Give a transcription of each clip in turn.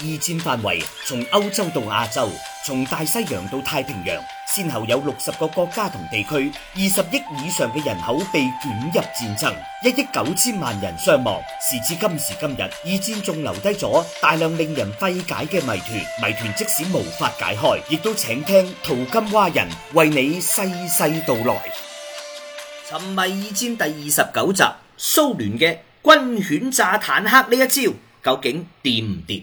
二戰範圍，從歐洲到亞洲，從大西洋到太平洋，先後有六十個國家同地區，二十億以上嘅人口被捲入戰爭，一億九千萬人傷亡。時至今時今日，二戰仲留低咗大量令人費解嘅謎團。謎團即使無法解開，亦都請聽淘金蛙人為你細細道來。尋迷二戰第二十九集，蘇聯嘅軍犬炸坦克呢一招，究竟掂唔掂？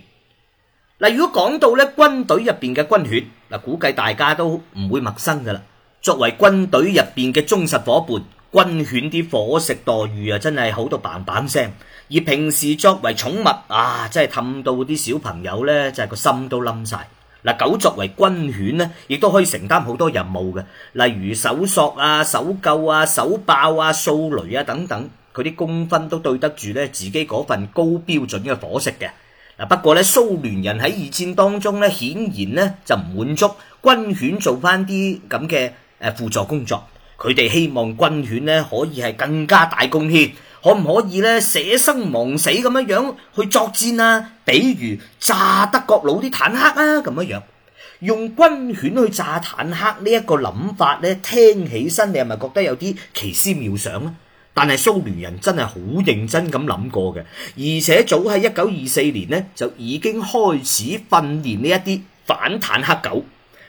嗱，如果講到咧軍隊入邊嘅軍犬，嗱估計大家都唔會陌生噶啦。作為軍隊入邊嘅忠實伙伴，軍犬啲伙食待遇啊，真係好到 bang bang 聲。而平時作為寵物啊，真係氹到啲小朋友咧，就係個心都冧晒。嗱，狗作為軍犬呢，亦都可以承擔好多任務嘅，例如搜索啊、搜救啊、搜爆啊、掃雷啊等等，佢啲功分都對得住咧自己嗰份高標準嘅伙食嘅。嗱，不過咧，蘇聯人喺二戰當中咧，顯然咧就唔滿足軍犬做返啲咁嘅誒輔助工作，佢哋希望軍犬咧可以係更加大貢獻，可唔可以咧捨生忘死咁樣樣去作戰啊？比如炸德國佬啲坦克啊，咁樣樣用軍犬去炸坦克呢一個諗法咧，聽起身你係咪覺得有啲奇思妙想咧？但係蘇聯人真係好認真咁諗過嘅，而且早喺一九二四年呢，就已經開始訓練呢一啲反坦克狗。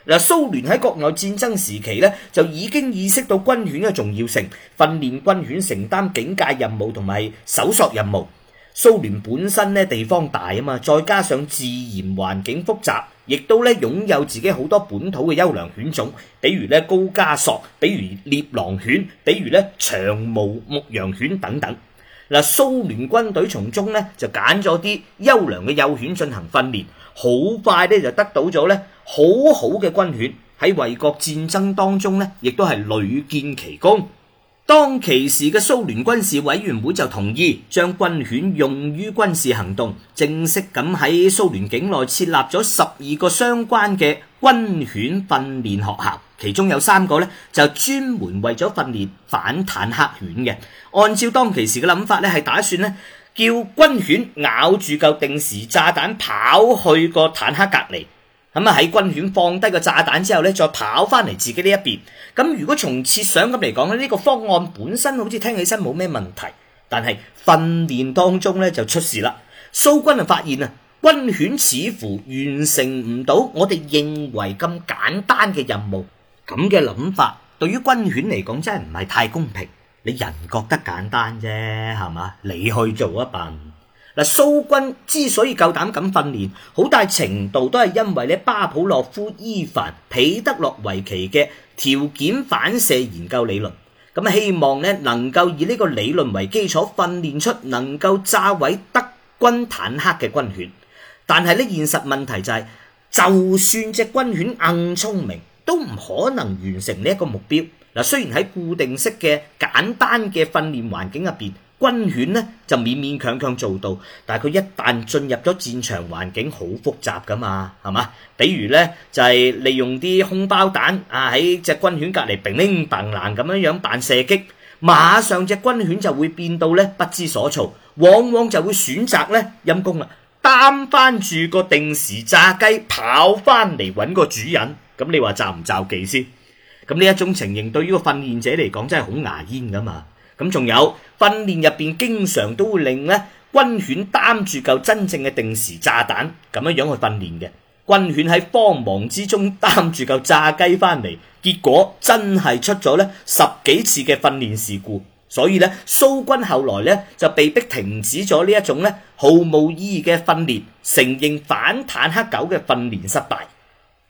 嗱，蘇聯喺國內戰爭時期咧，就已經意識到軍犬嘅重要性，訓練軍犬承擔警戒任務同埋搜索任務。蘇聯本身咧，地方大啊嘛，再加上自然環境複雜。亦都咧擁有自己好多本土嘅優良犬種，比如咧高加索，比如獵狼犬，比如咧長毛牧羊犬等等。嗱，蘇聯軍隊從中咧就揀咗啲優良嘅幼犬進行訓練，好快咧就得到咗咧好好嘅軍犬，喺衛國戰爭當中咧亦都係屢建奇功。當其時嘅蘇聯軍事委員會就同意將軍犬用於軍事行動，正式咁喺蘇聯境內設立咗十二個相關嘅軍犬訓練學校，其中有三個呢，就專門為咗訓練反坦克犬嘅。按照當其時嘅諗法呢，係打算呢，叫軍犬咬住嚿定時炸彈跑去個坦克隔離。咁啊，喺軍犬放低個炸彈之後咧，再跑翻嚟自己呢一邊。咁如果從設想咁嚟講咧，呢個方案本身好似聽起身冇咩問題，但係訓練當中咧就出事啦。蘇軍就發現啊，軍犬似乎完成唔到我哋認為咁簡單嘅任務。咁嘅諗法對於軍犬嚟講真係唔係太公平。你人覺得簡單啫，係嘛？你去做一笨。嗱，蘇軍之所以夠膽咁訓練，好大程度都係因為咧巴甫洛夫、伊凡、彼得洛維奇嘅條件反射研究理論。咁希望咧能夠以呢個理論為基礎，訓練出能夠炸毀德軍坦克嘅軍犬。但係咧現實問題就係，就算隻軍犬硬聰明，都唔可能完成呢一個目標。嗱，雖然喺固定式嘅簡單嘅訓練環境入邊。軍犬咧就勉勉強強做到，但係佢一旦進入咗戰場環境，好複雜噶嘛，係嘛？比如咧就係、是、利用啲空包彈啊，喺隻軍犬隔籬乒乒嘭啷咁樣樣扮射擊，馬上隻軍犬就會變到咧不知所措，往往就會選擇咧陰功啦，擔翻住個定時炸雞跑翻嚟揾個主人，咁你話就唔就記先？咁呢一種情形對於個訓練者嚟講，真係好牙煙噶嘛～咁仲有訓練入邊，經常都會令呢軍犬擔住嚿真正嘅定時炸彈咁樣樣去訓練嘅軍犬喺慌忙之中擔住嚿炸雞翻嚟，結果真係出咗呢十幾次嘅訓練事故，所以呢，蘇軍後來呢就被逼停止咗呢一種呢毫無意義嘅訓練，承認反坦克狗嘅訓練失敗。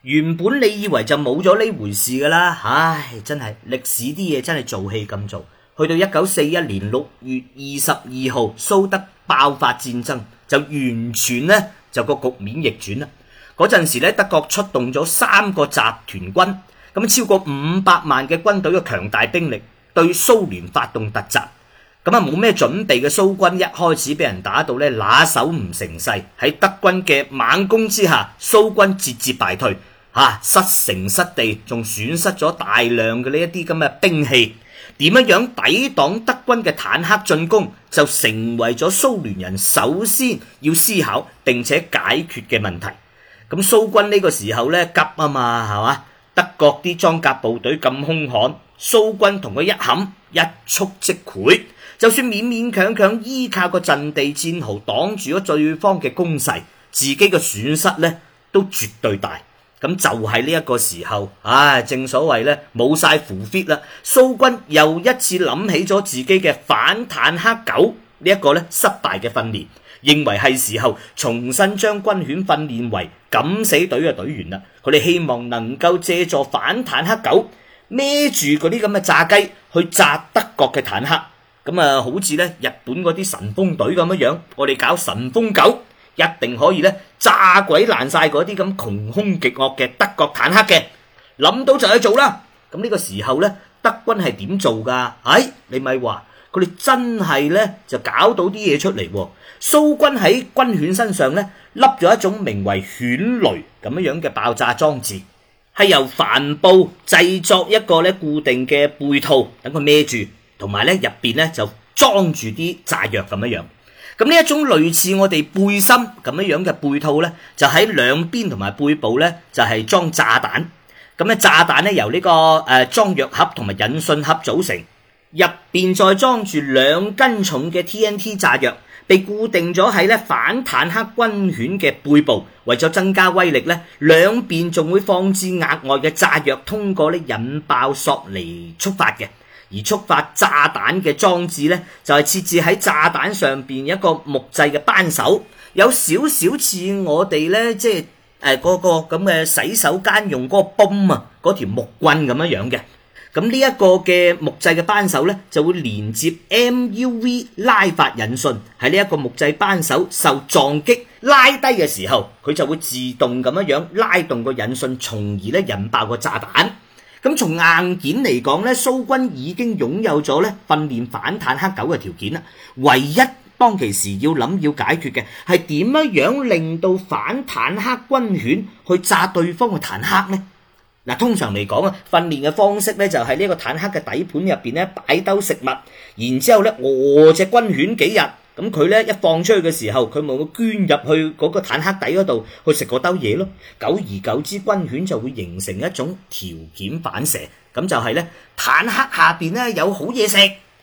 原本你以為就冇咗呢回事噶啦，唉，真係歷史啲嘢真係做戲咁做。去到一九四一年六月二十二號，蘇德爆發戰爭，就完全咧就個局面逆轉啦。嗰陣時咧，德國出動咗三個集團軍，咁超過五百萬嘅軍隊嘅強大兵力，對蘇聯發動突襲。咁啊，冇咩準備嘅蘇軍一開始俾人打到咧，拿手唔成勢，喺德軍嘅猛攻之下，蘇軍節節敗退，吓、啊、失城失地，仲損失咗大量嘅呢一啲咁嘅兵器。點樣抵擋德軍嘅坦克進攻，就成為咗蘇聯人首先要思考並且解決嘅問題。咁蘇軍呢個時候咧，急啊嘛，係嘛？德國啲裝甲部隊咁兇悍，蘇軍同佢一冚一觸即潰，就算勉勉強強依靠個陣地戰壕擋住咗對方嘅攻勢，自己嘅損失呢都絕對大。咁就係呢一個時候，唉、啊，正所謂咧，冇晒符弗啦。蘇軍又一次諗起咗自己嘅反坦克狗，這個，呢一個咧失敗嘅訓練，認為係時候重新將軍犬訓練為敢死隊嘅隊員啦。佢哋希望能夠借助反坦克狗孭住嗰啲咁嘅炸雞去炸德國嘅坦克。咁啊，好似咧日本嗰啲神風隊咁樣樣，我哋搞神風狗。一定可以咧炸鬼爛晒嗰啲咁窮凶極惡嘅德國坦克嘅，諗到就去做啦。咁呢個時候咧，德軍係點做噶？哎，你咪話佢哋真係咧就搞到啲嘢出嚟。蘇軍喺軍犬身上咧，笠咗一種名為犬雷咁樣樣嘅爆炸裝置，係由帆布製作一個咧固定嘅背套，等佢孭住，同埋咧入邊咧就裝住啲炸藥咁樣樣。咁呢一種類似我哋背心咁樣樣嘅背套呢，就喺兩邊同埋背部呢，就係、是、裝炸彈。咁咧，炸彈呢，由呢、這個誒裝藥盒同埋引信盒，盒組成，入面再裝住兩斤重嘅 TNT 炸藥，被固定咗喺咧反坦克軍犬嘅背部。為咗增加威力呢，兩邊仲會放置額外嘅炸藥，通過咧引爆索嚟觸發嘅。而觸發炸彈嘅裝置呢，就係、是、設置喺炸彈上面一個木製嘅扳手，有少少似我哋呢，即係嗰、呃嗰個咁嘅洗手間用嗰個泵啊，嗰條木棍咁樣樣嘅。咁呢一個嘅木製嘅扳手呢，就會連接 MUV 拉發引信。喺呢一個木製扳手受撞擊拉低嘅時候，佢就會自動咁樣拉動個引信，從而呢引爆個炸彈。咁從硬件嚟講咧，蘇軍已經擁有咗咧訓練反坦克狗嘅條件啦。唯一當其時要諗要解決嘅係點樣樣令到反坦克軍犬去炸對方嘅坦克呢？通常嚟講啊，訓練嘅方式咧就喺呢個坦克嘅底盤入面咧擺兜食物，然之後咧餓隻軍犬幾日。咁佢咧一放出去嘅時候，佢咪會捐入去嗰個坦克底嗰度去食嗰兜嘢咯。久而久之，軍犬就會形成一種條件反射，咁就係咧坦克下邊咧有好嘢食，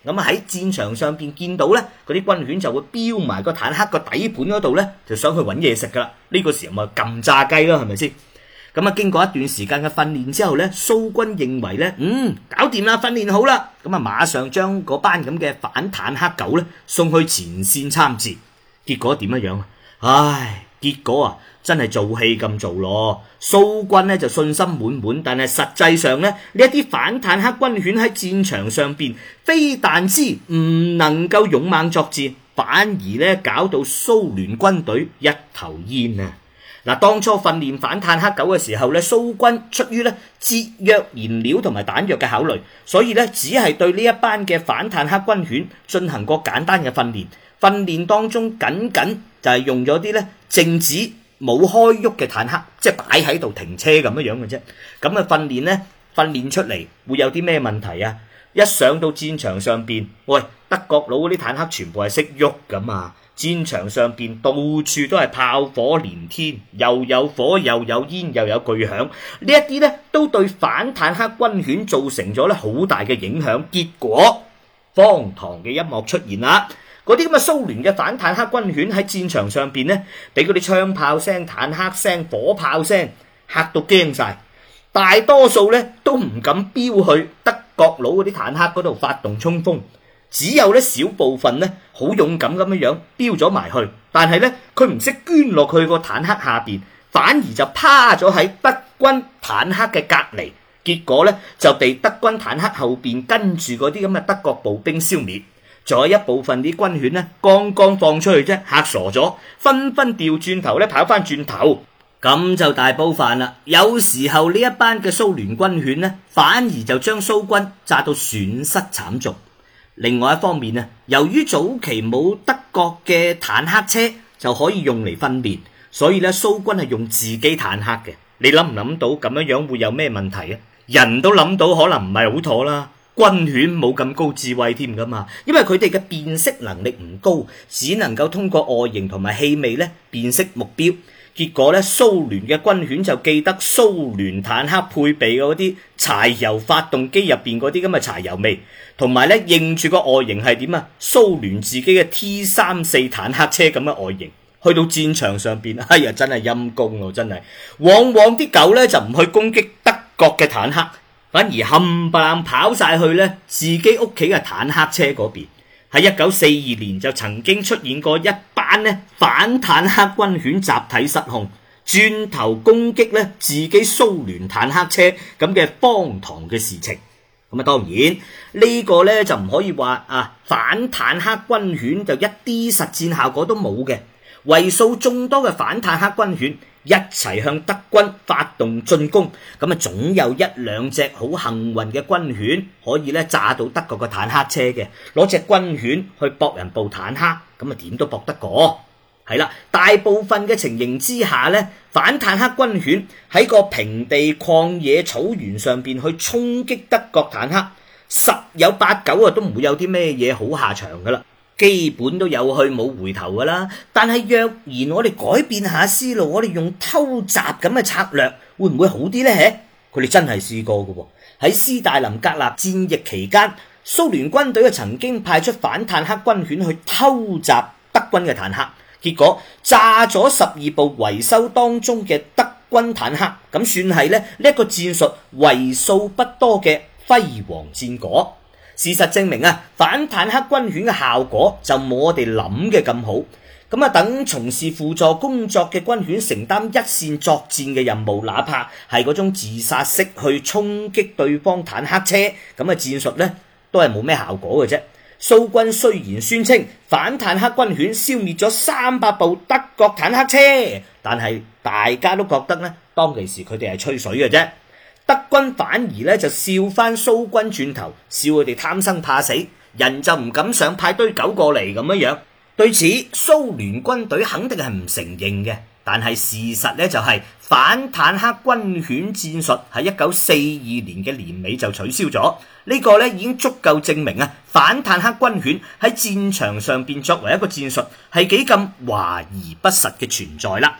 咁喺戰場上邊見到咧，嗰啲軍犬就會飈埋個坦克個底盤嗰度咧，就想去揾嘢食噶啦。呢個時候咪撳炸雞咯，係咪先？咁啊，經過一段時間嘅訓練之後咧，蘇軍認為咧，嗯，搞掂啦，訓練好啦，咁啊，馬上將嗰班咁嘅反坦克狗咧送去前線參戰，結果點樣樣啊？唉，結果啊，真係做戲咁做咯。蘇軍呢就信心滿滿，但係實際上呢，呢一啲反坦克軍犬喺戰場上邊，非但之唔能夠勇猛作戰，反而呢搞到蘇聯軍隊一頭煙啊！嗱，當初訓練反坦克狗嘅時候咧，蘇軍出於咧節約燃料同埋彈藥嘅考慮，所以咧只係對呢一班嘅反坦克軍犬進行過簡單嘅訓練。訓練當中，僅僅就係用咗啲咧靜止冇開喐嘅坦克，即係擺喺度停車咁樣樣嘅啫。咁嘅訓練咧，訓練出嚟會有啲咩問題啊？一上到戰場上邊，喂，德國佬嗰啲坦克全部係識喐㗎嘛？戰場上邊到處都係炮火連天，又有火又有煙又有巨響，呢一啲咧都對反坦克軍犬造成咗咧好大嘅影響。結果荒唐嘅一幕出現啦！嗰啲咁嘅蘇聯嘅反坦克軍犬喺戰場上邊咧，俾嗰啲槍炮聲、坦克聲、火炮聲嚇到驚晒，大多數咧都唔敢飆去德各佬嗰啲坦克嗰度發動衝鋒，只有咧小部分咧好勇敢咁樣樣飈咗埋去，但係咧佢唔識捐落去個坦克下邊，反而就趴咗喺德軍坦克嘅隔離，結果咧就被德軍坦克後邊跟住嗰啲咁嘅德國步兵消滅。仲有一部分啲軍犬咧剛剛放出去啫，吓傻咗，紛紛掉轉頭咧跑翻轉頭。咁就大煲飯啦！有時候呢一班嘅蘇聯軍犬呢，反而就將蘇軍炸到損失慘重。另外一方面啊，由於早期冇德國嘅坦克車就可以用嚟分辨，所以咧蘇軍係用自己坦克嘅。你諗唔諗到咁樣樣會有咩問題啊？人都諗到可能唔係好妥啦，軍犬冇咁高智慧添噶嘛，因為佢哋嘅辨識能力唔高，只能夠通過外形同埋氣味咧辨識目標。結果咧，蘇聯嘅軍犬就記得蘇聯坦克配備嗰啲柴油發動機入邊嗰啲咁嘅柴油味，同埋咧認住個外形係點啊，蘇聯自己嘅 T 三四坦克車咁嘅外形，去到戰場上邊，哎呀，真係陰功咯，真係。往往啲狗咧就唔去攻擊德國嘅坦克，反而冚棒跑晒去咧自己屋企嘅坦克車嗰邊。喺一九四二年就曾經出現過一班咧反坦克軍犬集體失控，轉頭攻擊咧自己蘇聯坦克車咁嘅荒唐嘅事情。咁啊當然、這個、呢個咧就唔可以話啊反坦克軍犬就一啲實戰效果都冇嘅，為數眾多嘅反坦克軍犬。一齊向德軍發動進攻，咁啊總有一兩隻好幸運嘅軍犬可以咧炸到德國嘅坦克車嘅，攞隻軍犬去搏人部坦克，咁啊點都搏得過？係啦，大部分嘅情形之下咧，反坦克軍犬喺個平地曠野草原上邊去衝擊德國坦克，十有八九啊都唔會有啲咩嘢好下場噶啦。基本都有去冇回頭噶啦，但係若然我哋改變下思路，我哋用偷襲咁嘅策略，會唔會好啲咧？佢哋真係試過噶喎。喺斯大林格勒戰役期間，蘇聯軍隊啊曾經派出反坦克軍犬去偷襲德軍嘅坦克，結果炸咗十二部維修當中嘅德軍坦克，咁算係咧呢一個戰術為數不多嘅輝煌戰果。事實證明啊，反坦克軍犬嘅效果就冇我哋諗嘅咁好。咁啊，等從事輔助工作嘅軍犬承擔一線作戰嘅任務，哪怕係嗰種自殺式去衝擊對方坦克車，咁嘅戰術呢都係冇咩效果嘅啫。蘇軍雖然宣稱反坦克軍犬消滅咗三百部德國坦克車，但係大家都覺得呢，當其時佢哋係吹水嘅啫。德軍反而咧就笑翻蘇軍轉頭，笑佢哋貪生怕死，人就唔敢想派堆狗過嚟，咁樣樣。對此，蘇聯軍隊肯定係唔承認嘅，但係事實咧就係反坦克軍犬戰術喺一九四二年嘅年尾就取消咗。呢、這個咧已經足夠證明啊，反坦克軍犬喺戰場上邊作為一個戰術係幾咁華而不實嘅存在啦。